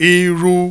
Iru